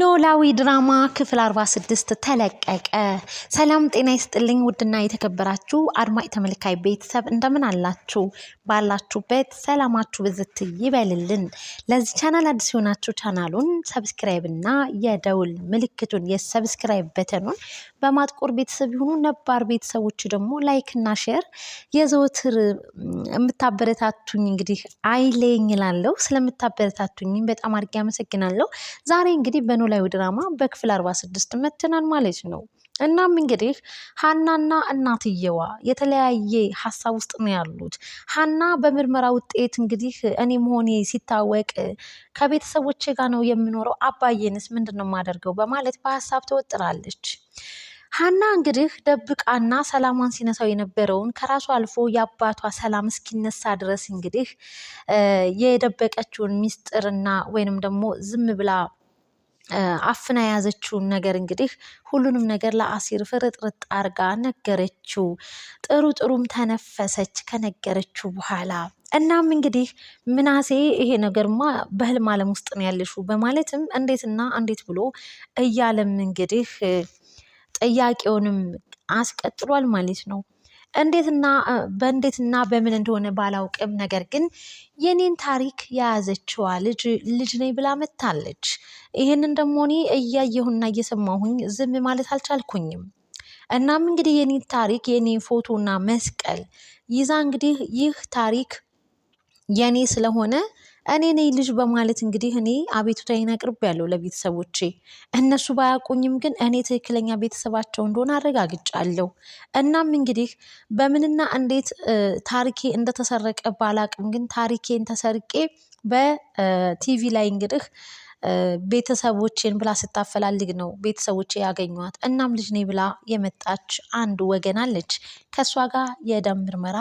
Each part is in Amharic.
ኖላዊ ድራማ ክፍል 46 ተለቀቀ። ሰላም ጤና ይስጥልኝ። ውድና የተከበራችሁ አድማጭ ተመልካይ ቤተሰብ እንደምን አላችሁ? ባላችሁበት ሰላማችሁ ብዝት ይበልልን። ለዚህ ቻናል አዲስ የሆናችሁ ቻናሉን ሰብስክራይብ እና የደውል ምልክቱን የሰብስክራይብ በተኑን በማጥቆር ቤተሰብ የሆኑ ነባር ቤተሰቦች ደግሞ ላይክ እና ሼር የዘወትር የምታበረታቱኝ እንግዲህ አይለኝ ይላለው ስለምታበረታቱኝ በጣም አድርጌ አመሰግናለሁ። ዛሬ እንግዲህ በኖላዊ ድራማ በክፍል 46 መተናል ማለት ነው። እናም እንግዲህ ሀናና እናትየዋ የተለያየ ሀሳብ ውስጥ ነው ያሉት። ሀና በምርመራ ውጤት እንግዲህ እኔ መሆኔ ሲታወቅ ከቤተሰቦች ጋር ነው የምኖረው፣ አባዬንስ ምንድን ነው የማደርገው በማለት በሀሳብ ትወጥራለች ሀና እንግዲህ ደብቃና ሰላሟን ሲነሳው የነበረውን ከራሱ አልፎ የአባቷ ሰላም እስኪነሳ ድረስ እንግዲህ የደበቀችውን ሚስጥርና ወይንም ደግሞ ዝም ብላ አፍና የያዘችውን ነገር እንግዲህ ሁሉንም ነገር ለአሲር ፍርጥርጥ አርጋ ነገረችው። ጥሩ ጥሩም ተነፈሰች ከነገረችው በኋላ። እናም እንግዲህ ምናሴ ይሄ ነገርማ በህልም ዓለም ውስጥ ነው ያለሹ በማለትም እንዴትና እንዴት ብሎ እያለም እንግዲህ ጥያቄውንም አስቀጥሏል ማለት ነው። እንዴትና በእንዴትና በምን እንደሆነ ባላውቅም ነገር ግን የኔን ታሪክ የያዘችዋ ልጅ ልጅ ነኝ ብላ መታለች። ይህንን ደግሞ እኔ እያየሁና እየሰማሁኝ ዝም ማለት አልቻልኩኝም። እናም እንግዲህ የኔን ታሪክ የኔን ፎቶና መስቀል ይዛ እንግዲህ ይህ ታሪክ የኔ ስለሆነ እኔ ነኝ ልጅ በማለት እንግዲህ እኔ አቤቱታዬን ያለው ለቤተሰቦቼ። እነሱ ባያቁኝም ግን እኔ ትክክለኛ ቤተሰባቸው እንደሆነ አረጋግጫለሁ። እናም እንግዲህ በምንና እንዴት ታሪኬ እንደተሰረቀ ባላቅም ግን ታሪኬን ተሰርቄ በቲቪ ላይ እንግዲህ ቤተሰቦቼን ብላ ስታፈላልግ ነው ቤተሰቦቼ ያገኟት። እናም ልጅ ነኝ ብላ የመጣች አንድ ወገን አለች። ከእሷ ጋር የደም ምርመራ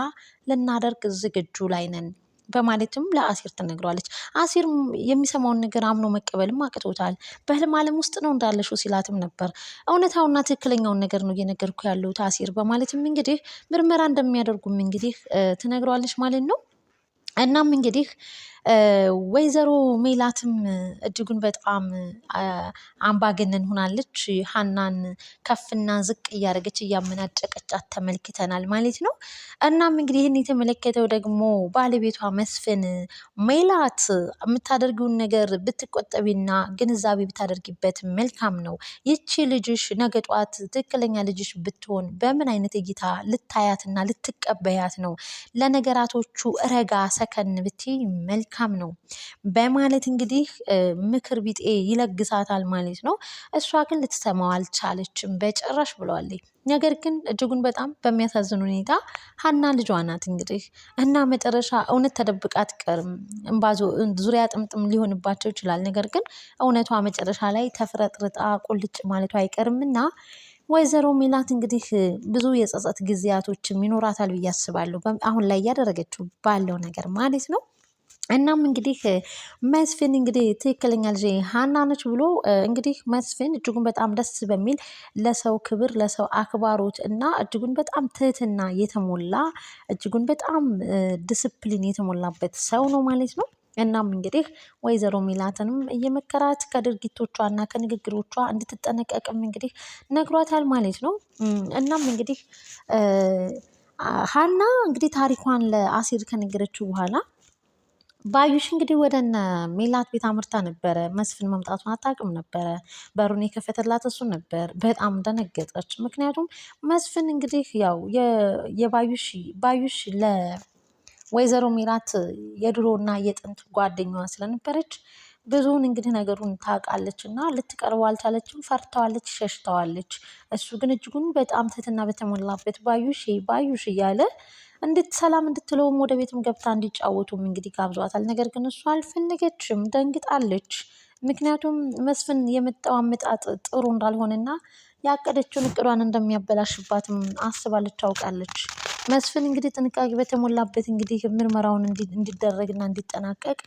ልናደርግ ዝግጁ ላይ ነን በማለትም ለአሴር ትነግረዋለች። አሴር የሚሰማውን ነገር አምኖ መቀበልም አቅቶታል። በህልም ዓለም ውስጥ ነው እንዳለሽው ሲላትም ነበር። እውነታውና ትክክለኛውን ነገር ነው እየነገርኩ ያለሁት አሴር በማለትም እንግዲህ ምርመራ እንደሚያደርጉም እንግዲህ ትነግረዋለች ማለት ነው። እናም እንግዲህ ወይዘሮ ሜላትም እጅጉን በጣም አምባገነን ሆናለች። ሀናን ከፍና ዝቅ እያደረገች እያመናጨቀቻት ተመልክተናል ማለት ነው። እናም እንግዲህ ይህን የተመለከተው ደግሞ ባለቤቷ መስፍን ሜላት የምታደርጊውን ነገር ብትቆጠቢና ግንዛቤ ብታደርጊበት መልካም ነው። ይቺ ልጅሽ ነገ ትክክለኛ ልጅሽ ብትሆን በምን አይነት እይታ ልታያትና ልትቀበያት ነው? ለነገራቶቹ ረጋ ሰከን ብትይ መልካም መልካም ነው በማለት እንግዲህ ምክር ቢጤ ይለግሳታል ማለት ነው። እሷ ግን ልትሰማው አልቻለችም በጭራሽ ብለዋለች። ነገር ግን እጅጉን በጣም በሚያሳዝን ሁኔታ ሀና ልጇ ናት እንግዲህ እና መጨረሻ እውነት ተደብቃ አትቀርም። እንባ ዙሪያ ጥምጥም ሊሆንባቸው ይችላል። ነገር ግን እውነቷ መጨረሻ ላይ ተፍረጥርጣ ቁልጭ ማለቷ አይቀርም እና ወይዘሮ ሚላት እንግዲህ ብዙ የጸጸት ጊዜያቶችም ይኖራታል ብዬ አስባለሁ። አሁን ላይ እያደረገችው ባለው ነገር ማለት ነው። እናም እንግዲህ መስፍን እንግዲህ ትክክለኛ ልጅ ሀና ነች ብሎ እንግዲህ መስፍን እጅጉን በጣም ደስ በሚል ለሰው ክብር፣ ለሰው አክባሮት እና እጅጉን በጣም ትህትና የተሞላ እጅጉን በጣም ዲስፕሊን የተሞላበት ሰው ነው ማለት ነው። እናም እንግዲህ ወይዘሮ ሚላትንም እየመከራት ከድርጊቶቿ እና ከንግግሮቿ እንድትጠነቀቅም እንግዲህ ነግሯታል ማለት ነው። እናም እንግዲህ ሀና እንግዲህ ታሪኳን ለአሲር ከነገረችው በኋላ ባዩሽ እንግዲህ ወደ ሜላት ቤት አምርታ ነበረ። መስፍን መምጣቱን አታውቅም ነበረ። በሩን የከፈተላት እሱ ነበር። በጣም ደነገጠች። ምክንያቱም መስፍን እንግዲህ ያው የባዩሽ ባዩሽ ለወይዘሮ ሜላት የድሮና የጥንት ጓደኛዋ ስለነበረች ብዙውን እንግዲህ ነገሩን ታውቃለች እና ልትቀርቡ አልቻለችም። ፈርተዋለች፣ ሸሽተዋለች። እሱ ግን እጅጉን በጣም ትህትና በተሞላበት ባዩሽ ባዩሽ እያለ እንድት ሰላም እንድትለውም ወደ ቤትም ገብታ እንዲጫወቱም እንግዲህ ጋብዟታል። ነገር ግን እሱ አልፈነገችም ደንግጣለች። ምክንያቱም መስፍን የመጣው አመጣጥ ጥሩ እንዳልሆነና ያቀደችውን እቅዷን እንደሚያበላሽባትም አስባለች፣ ታውቃለች። መስፍን እንግዲህ ጥንቃቄ በተሞላበት እንግዲህ ምርመራውን እንዲደረግና እንዲጠናቀቅ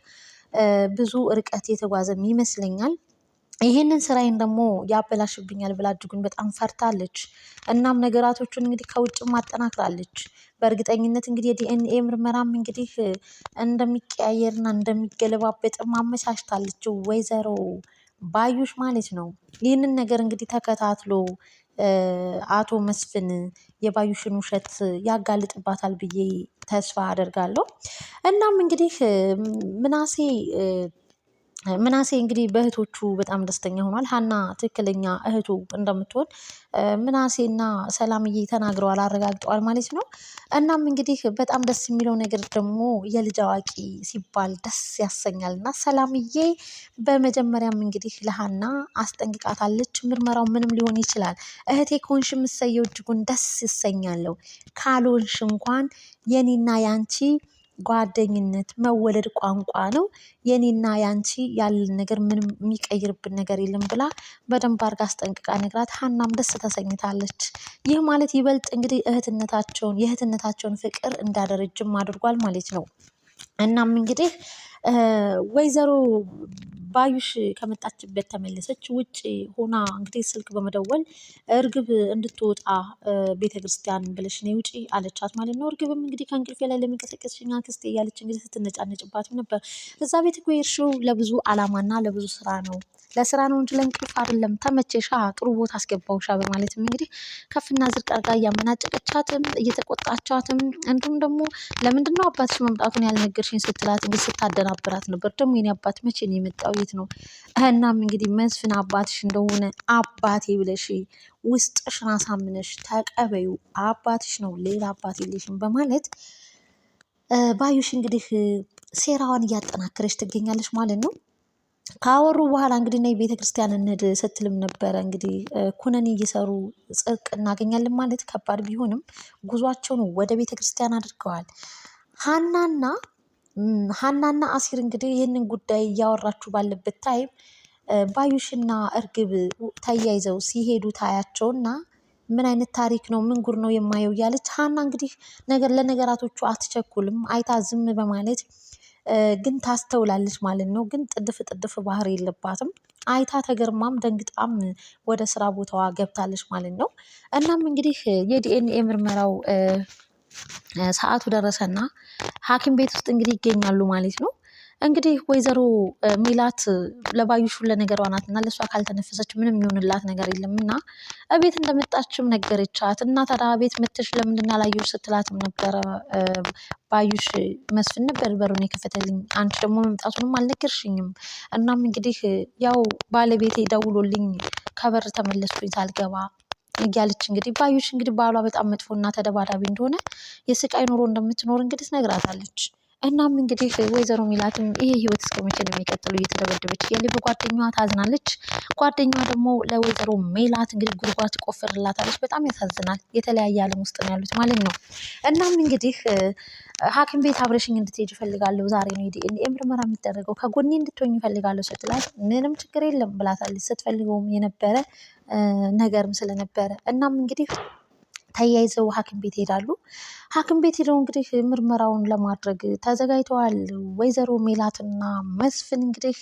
ብዙ ርቀት የተጓዘም ይመስለኛል። ይህንን ስራዬን ደግሞ ያበላሽብኛል ብላ እጅጉን በጣም ፈርታለች። እናም ነገራቶቹን እንግዲህ ከውጭም አጠናክራለች። በእርግጠኝነት እንግዲህ የዲኤንኤ ምርመራም እንግዲህ እንደሚቀያየርና እንደሚገለባበጥም አመቻችታለች ወይዘሮ ባዩሽ ማለት ነው። ይህንን ነገር እንግዲህ ተከታትሎ አቶ መስፍን የባዩሽን ውሸት ያጋልጥባታል ብዬ ተስፋ አደርጋለሁ። እናም እንግዲህ ምናሴ ምናሴ እንግዲህ በእህቶቹ በጣም ደስተኛ ሆኗል። ሀና ትክክለኛ እህቱ እንደምትሆን ምናሴና ሰላምዬ ተናግረዋል፣ አረጋግጠዋል ማለት ነው። እናም እንግዲህ በጣም ደስ የሚለው ነገር ደግሞ የልጅ አዋቂ ሲባል ደስ ያሰኛል እና ሰላምዬ በመጀመሪያም እንግዲህ ለሀና አስጠንቅቃታለች። ምርመራው ምንም ሊሆን ይችላል፣ እህቴ ከሆንሽ የምሰየው እጅጉን ደስ ይሰኛለሁ፣ ካልሆንሽ እንኳን የኔና ያንቺ ጓደኝነት መወለድ ቋንቋ ነው የኔና ያንቺ ያለን ነገር ምንም የሚቀይርብን ነገር የለም ብላ በደንብ አድርጋ አስጠንቅቃ ነግራት ሀናም ደስ ተሰኝታለች። ይህ ማለት ይበልጥ እንግዲህ እህትነታቸውን የእህትነታቸውን ፍቅር እንዳደረጅም አድርጓል ማለት ነው። እናም እንግዲህ ወይዘሮ ባዩሽ ከመጣችበት ተመለሰች። ውጭ ሆና እንግዲህ ስልክ በመደወል እርግብ እንድትወጣ ቤተ ክርስቲያን ብለሽ ነይ ውጪ አለቻት ማለት ነው። እርግብም እንግዲህ ከእንቅልፌ ላይ ለሚንቀሰቀስሽኝ ክስቴ እያለች እንግዲህ ስትነጫነጭባትም ነበር። እዛ ቤት እኮ የሄድሽው ለብዙ አላማና ለብዙ ስራ ነው ለስራ ነው እንጂ ለእንቅልፍ አይደለም። ተመቼሻ ጥሩ ቦታ አስገባሁሻ በማለትም እንግዲህ ከፍና ዝርቅ አድርጋ እያመናጨቀቻትም እየተቆጣቻትም እንዲሁም ደግሞ ለምንድን ነው አባትሽ መምጣቱን ያልነገርሽኝ ስትላት እንግዲህ ስታደናብራት ነበር። ደግሞ የኔ አባት መቼ ነው የመጣው? የት ነው? እህናም እንግዲህ መስፍን አባትሽ እንደሆነ አባቴ ብለሽ ውስጥሽን አሳምነሽ ተቀበዩ አባትሽ ነው ሌላ አባት የለሽም በማለት ባዩሽ እንግዲህ ሴራዋን እያጠናከረች ትገኛለች ማለት ነው። ካወሩ በኋላ እንግዲህ ነይ ቤተክርስቲያን እንሂድ ስትልም ነበረ። እንግዲህ ኩነኔ እየሰሩ ጽድቅ እናገኛለን ማለት ከባድ ቢሆንም ጉዟቸውን ወደ ክርስቲያን አድርገዋል። ሀናና ሀናና አሲር እንግዲህ ይህንን ጉዳይ እያወራችሁ ባለበት ታይም ባዩሽና እርግብ ተያይዘው ሲሄዱ እና ምን አይነት ታሪክ ነው? ምን ጉር ነው የማየው? እያለች ሀና እንግዲህ ነገር ለነገራቶቹ አትቸኩልም። አይታ ዝም በማለት ግን ታስተውላለች ማለት ነው። ግን ጥድፍ ጥድፍ ባህሪ የለባትም። አይታ ተገርማም ደንግጣም ወደ ስራ ቦታዋ ገብታለች ማለት ነው። እናም እንግዲህ የዲኤንኤ ምርመራው ሰዓቱ ደረሰና ሐኪም ቤት ውስጥ እንግዲህ ይገኛሉ ማለት ነው። እንግዲህ ወይዘሮ ሜላት ለባዩሽ ናት እና ለእሷ ካልተነፈሰች ምንም የሆንላት ነገር የለም እና እቤት እንደመጣችም ነገረቻት እና ታዲያ ቤት መተሽ ለምንድን አላየሁሽ ስትላትም ነበረ ባዩሽ መስፍን ነበር በሩን የከፈተልኝ አንቺ ደግሞ መምጣቱንም አልነገርሽኝም እናም እንግዲህ ያው ባለቤቴ ደውሎልኝ ከበር ተመለስኩኝ ሳልገባ እያለች እንግዲህ ባዩሽ እንግዲህ ባሏ በጣም መጥፎና ተደባዳቢ እንደሆነ የስቃይ ኑሮ እንደምትኖር እንግዲህ ትነግራታለች። እናም እንግዲህ ወይዘሮ ሚላትም ይሄ ህይወት መቼ ነው የሚቀጥለው እየተደበደበች የልብ ጓደኛዋ ታዝናለች። ጓደኛዋ ደግሞ ለወይዘሮ ሜላት እንግዲህ ጉድጓድ ትቆፍርላታለች። በጣም ያሳዝናል። የተለያየ ዓለም ውስጥ ነው ያሉት ማለት ነው። እናም እንግዲህ ሐኪም ቤት አብረሽኝ እንድትሄጅ እፈልጋለሁ ዛሬ ነው የዲኤንኤ ምርመራ የሚደረገው ከጎኔ እንድትሆኝ እፈልጋለሁ ስትላት ምንም ችግር የለም ብላታለች። ስትፈልገውም የነበረ ነገርም ስለነበረ እናም እንግዲህ ተያይዘው ሐኪም ቤት ይሄዳሉ። ሐኪም ቤት ሄደው እንግዲህ ምርመራውን ለማድረግ ተዘጋጅተዋል። ወይዘሮ ሜላትና መስፍን እንግዲህ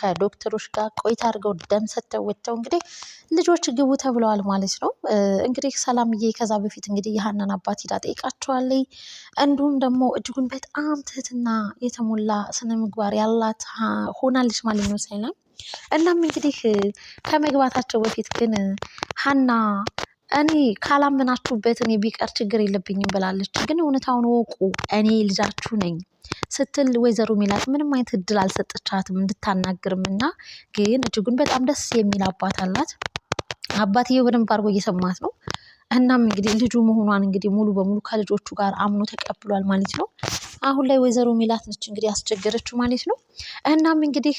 ከዶክተሮች ጋር ቆይታ አድርገው ደም ሰጥተው ወጥተው እንግዲህ ልጆች ግቡ ተብለዋል ማለት ነው። እንግዲህ ሰላምዬ ከዛ በፊት እንግዲህ የሀናን አባት ሂዳ ጠይቃቸዋለይ። እንዲሁም ደግሞ እጅጉን በጣም ትህትና የተሞላ ስነ ምግባር ያላት ሆናለች ማለት ነው ሰላም። እናም እንግዲህ ከመግባታቸው በፊት ግን ሀና እኔ ካላመናችሁበት እኔ ቢቀር ችግር የለብኝም ብላለች። ግን እውነታውን ወቁ፣ እኔ ልጃችሁ ነኝ ስትል ወይዘሮ ሜላት ምንም አይነት እድል አልሰጠቻትም እንድታናግርም እና ግን እጅጉን በጣም ደስ የሚል አባት አላት። አባትየው በደንብ አድርጎ እየሰማት ነው። እናም እንግዲህ ልጁ መሆኗን እንግዲህ ሙሉ በሙሉ ከልጆቹ ጋር አምኖ ተቀብሏል ማለት ነው። አሁን ላይ ወይዘሮ ሜላት ነች እንግዲህ ያስቸገረችው ማለት ነው። እናም እንግዲህ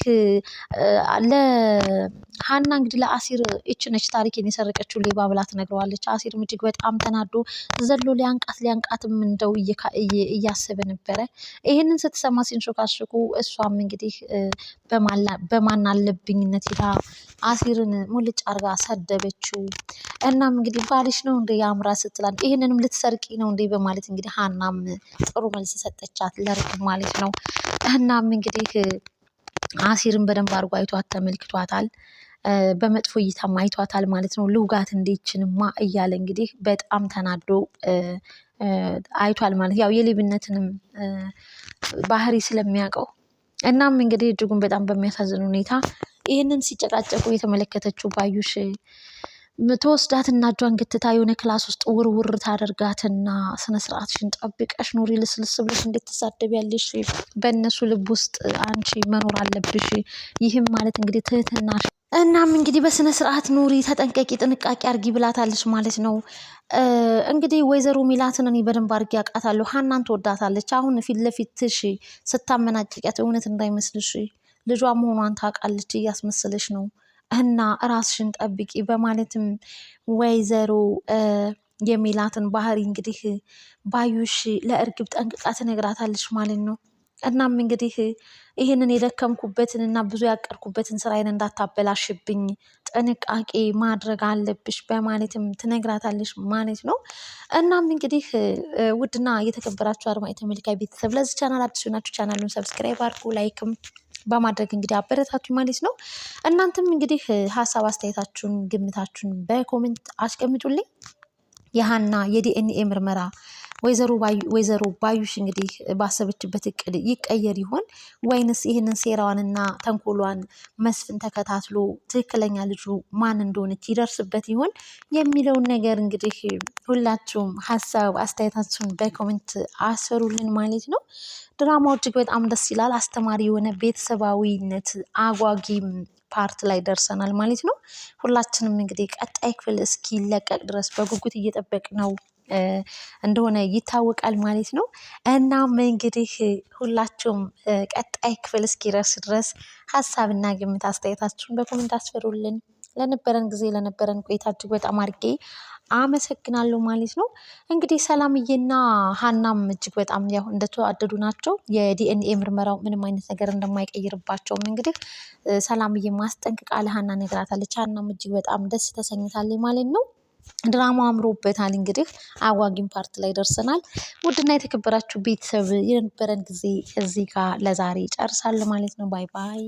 ለሀና እንግዲህ ለአሲር እች ነች ታሪኬን የሰረቀችው ሌባ ብላ ትነግረዋለች። አሲርም እጅግ በጣም ተናዶ ዘሎ ሊያንቃት ሊያንቃትም እንደው እያሰበ ነበረ። ይህንን ስትሰማ ሲንሾካሾኩ እሷም እንግዲህ በማን አለብኝነት ሄዳ አሲርን ሙልጭ አርጋ ሰደበችው። እናም እንግዲህ ባልሽ ነው እንደ የአምራ ስትላል ይህንንም ልትሰርቂ ነው እንዴ በማለት እንግዲህ ሀናም ጥሩ መልስ ሰጠች። ሰጠቻት ለርግብ ማለት ነው። እናም እንግዲህ አሲርን በደንብ አድርጎ አይቷት ተመልክቷታል። በመጥፎ እይታም አይቷታል ማለት ነው። ልውጋት እንዴችንማ እያለ እንግዲህ በጣም ተናዶ አይቷል ማለት ያው የሌብነትንም ባህሪ ስለሚያውቀው እናም እንግዲህ እጅጉን በጣም በሚያሳዝን ሁኔታ ይህንን ሲጨቃጨቁ የተመለከተችው ባዩሽ ተወስዳትና እጇን ግትታ የሆነ ክላስ ውስጥ ውርውር ታደርጋትና ስነ ስርዓትሽን ጠብቀሽ ኑሪ፣ ልስልስ ብለሽ እንዴት ትሳደቢያለሽ? በእነሱ ልብ ውስጥ አንቺ መኖር አለብሽ። ይህም ማለት እንግዲህ ትህትና። እናም እንግዲህ በስነ ስርዓት ኑሪ፣ ተጠንቀቂ፣ ጥንቃቄ አርጊ ብላታለች ማለት ነው። እንግዲህ ወይዘሮ ሚላትን እኔ በደንብ አርጊ አውቃታለሁ። ሀናን ትወዳታለች። አሁን ፊት ለፊትሽ ስታመናጭቂያት እውነት እንዳይመስልሽ ልጇ መሆኗን ታውቃለች። እያስመሰለች ነው እና ራስሽን ጠብቂ በማለትም ወይዘሮ የሚላትን ባህሪ እንግዲህ ባዩሽ ለእርግብ ጠንቅቃ ትነግራታለች ማለት ነው። እናም እንግዲህ ይህንን የደከምኩበትን እና ብዙ ያቀድኩበትን ስራዬን እንዳታበላሽብኝ ጥንቃቄ ማድረግ አለብሽ በማለትም ትነግራታለች ማለት ነው። እናም እንግዲህ ውድና የተከበራችሁ አድማጭ ተመልካች ቤተሰብ ለዚህ ቻናል አዲስ ሆናችሁ ቻናሉን ሰብስክራይብ አድርጉ፣ ላይክም በማድረግ እንግዲህ አበረታቱኝ ማለት ነው። እናንተም እንግዲህ ሀሳብ አስተያየታችሁን፣ ግምታችሁን በኮሜንት አስቀምጡልኝ። የሀና የዲኤንኤ ምርመራ ወይዘሮ ባዩሽ እንግዲህ ባሰበችበት እቅድ ይቀየር ይሆን ወይንስ ይህንን ሴራዋንና ተንኮሏን መስፍን ተከታትሎ ትክክለኛ ልጁ ማን እንደሆነች ይደርስበት ይሆን የሚለውን ነገር እንግዲህ ሁላችሁም ሀሳብ አስተያየታችሁን በኮሜንት አሰሩልን ማለት ነው። ድራማው እጅግ በጣም ደስ ይላል። አስተማሪ የሆነ ቤተሰባዊነት አጓጊ ፓርት ላይ ደርሰናል ማለት ነው። ሁላችንም እንግዲህ ቀጣይ ክፍል እስኪለቀቅ ድረስ በጉጉት እየጠበቅ ነው እንደሆነ ይታወቃል ማለት ነው። እናም እንግዲህ ሁላችሁም ቀጣይ ክፍል እስኪደርስ ድረስ ሀሳብና ግምት አስተያየታችሁን በኮሜንት አስፈሩልን። ለነበረን ጊዜ ለነበረን ቆይታ እጅግ በጣም አድርጌ አመሰግናለሁ ማለት ነው። እንግዲህ ሰላምዬና ሀናም እጅግ በጣም ያው እንደተዋደዱ ናቸው። የዲኤንኤ ምርመራው ምንም አይነት ነገር እንደማይቀይርባቸውም እንግዲህ ሰላምዬ ማስጠንቅቃ ለሀና ነግራታለች። ሀናም እጅግ በጣም ደስ ተሰኝታለች ማለት ነው። ድራማ አምሮበታል። እንግዲህ አጓጊም ፓርት ላይ ደርሰናል። ውድና የተከበራችሁ ቤተሰብ የነበረን ጊዜ እዚህ ጋር ለዛሬ ጨርሳለሁ ማለት ነው። ባይ ባይ